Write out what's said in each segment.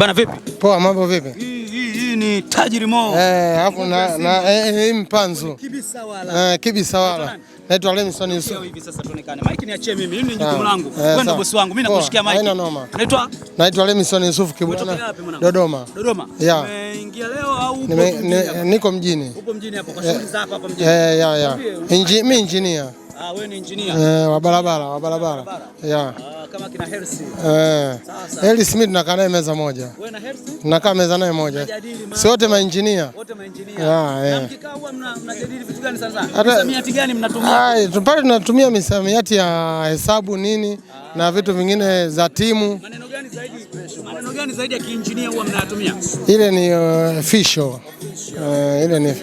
Bana vipi? Poa, mambo vipi? Hii ni tajiri mo. Eh, hapo na na eh, eh, hii mpanzo. Kibisa wala. Eh, kibisa wala. Naitwa Lemson Yusuf. Hivi sasa tuonekane. Mike niachie mimi, mimi ni jukumu ah, langu. Eh, wewe ndio bosi wangu, mimi nakushikia Mike. Haina noma. Naitwa Naitwa Lemson Yusuf Kibwana. Dodoma. Dodoma. Yeah. Umeingia leo au upo? mjini? Niko mjini. Upo mjini hapo kwa shughuli zako hapa mjini. Eh, yeah, yeah. Mimi engineer. Ah, wewe ni engineer. Eh, wa barabara, wa barabara. Yeah kama kina Hersi. Eh. Hersi mimi tunakaa naye meza moja. Wewe na Hersi? Tunakaa meza naye moja. Si wote maengineer. Wote maengineer. Ah, yeah, eh. Na mkikaa huwa mnajadili vitu gani sasa? sana? Misamiati gani mnatumia? Ah, eh, tupate tunatumia misamiati ya hesabu nini ah, na vitu vingine za timu. Maneno maneno gani zaidi ya kiinjinia huwa mnatumia? Ile ni uh, fisho. Uh, ile ni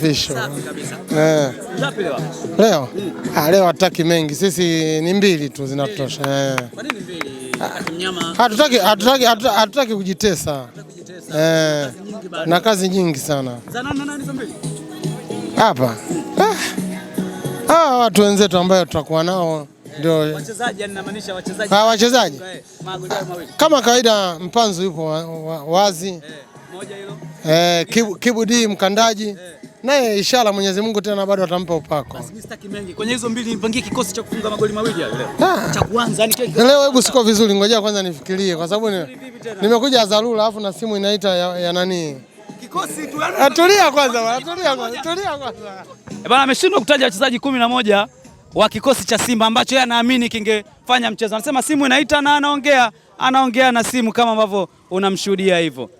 fisho. Eh, eh. Leo leo Ah, leo hataki mengi sisi, ni mbili tu zinatosha. Eh. Kwa nini mbili? Ah, hatutaki hatutaki hatutaki kujitesa eh, na kazi nyingi sana Za za nani nani mbili? hapa. Ah, Ah, watu wenzetu ambao tutakuwa nao ndio wachezaji, ninamaanisha wachezaji kwa ah, wachezaji eh, kama kawaida, mpanzu yupo wazi eh, moja hilo eh, kibu, di mkandaji eh, naye inshallah Mwenyezi Mungu tena bado atampa upako. Basi mimi sitaki kwenye hizo mbili, nipangie kikosi cha kufunga magoli mawili leo ah. cha kuanza, yani leo hebu siko vizuri, ngoja kwanza nifikirie, kwa sababu ni, nimekuja dharura, alafu na simu inaita ya, ya nani kikosi tu. Atulia yaani ah, kwanza, atulia kwanza, atulia kwanza eh, bwana. Ameshindwa kutaja wachezaji kumi na moja wa kikosi cha Simba ambacho yeye anaamini kingefanya mchezo. Anasema simu inaita na anaongea, anaongea na simu kama ambavyo unamshuhudia hivyo.